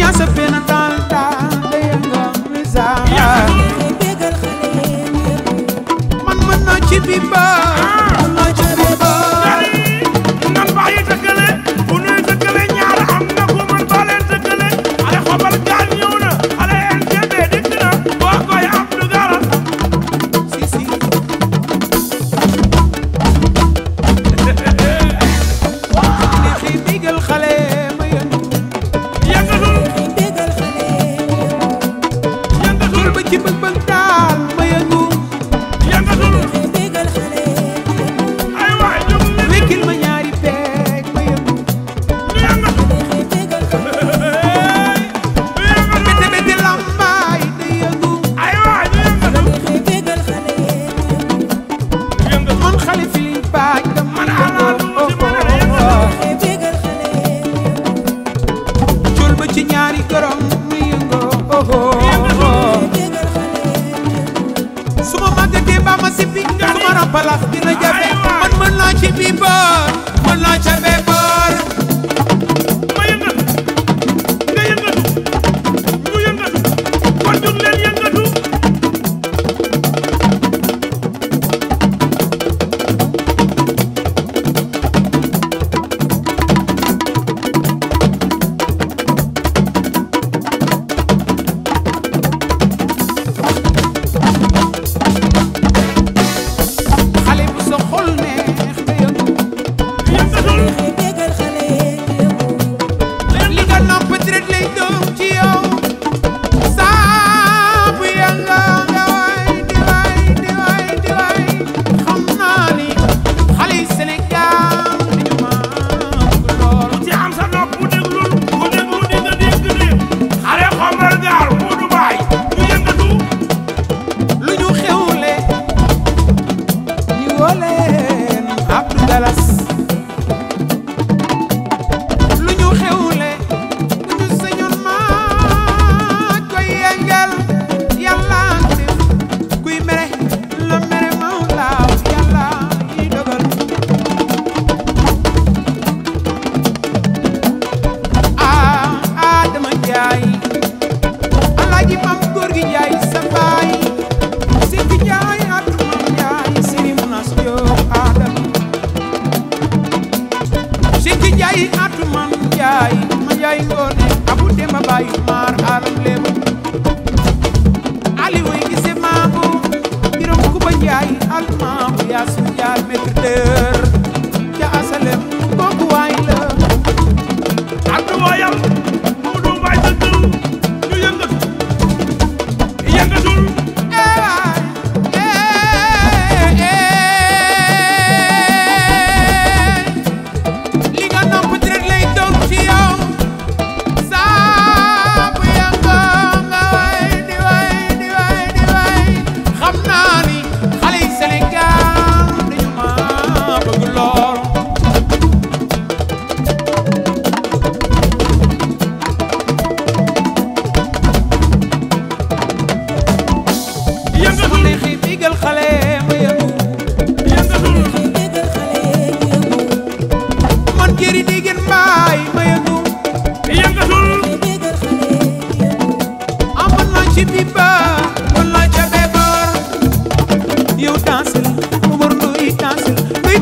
minha CP Natal. ci bëgg-bëgg daal ma yëngu yëngatul ay waay jóg wekkil ma ñaari peeg ma yëngu yëngatul bete bete lambaay na yëngu ay waay yëngatul man xale fili baaj dama ko cul ba ci ñaari gorom ma yëngoo palaas dina jafe man mën naa ci biir yaay ma yaay ngoone abu demba bayu maar alam lebu ali way gise maamu biram ku ba yaay almaamu yaasu yaar metre deux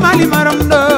mali maramda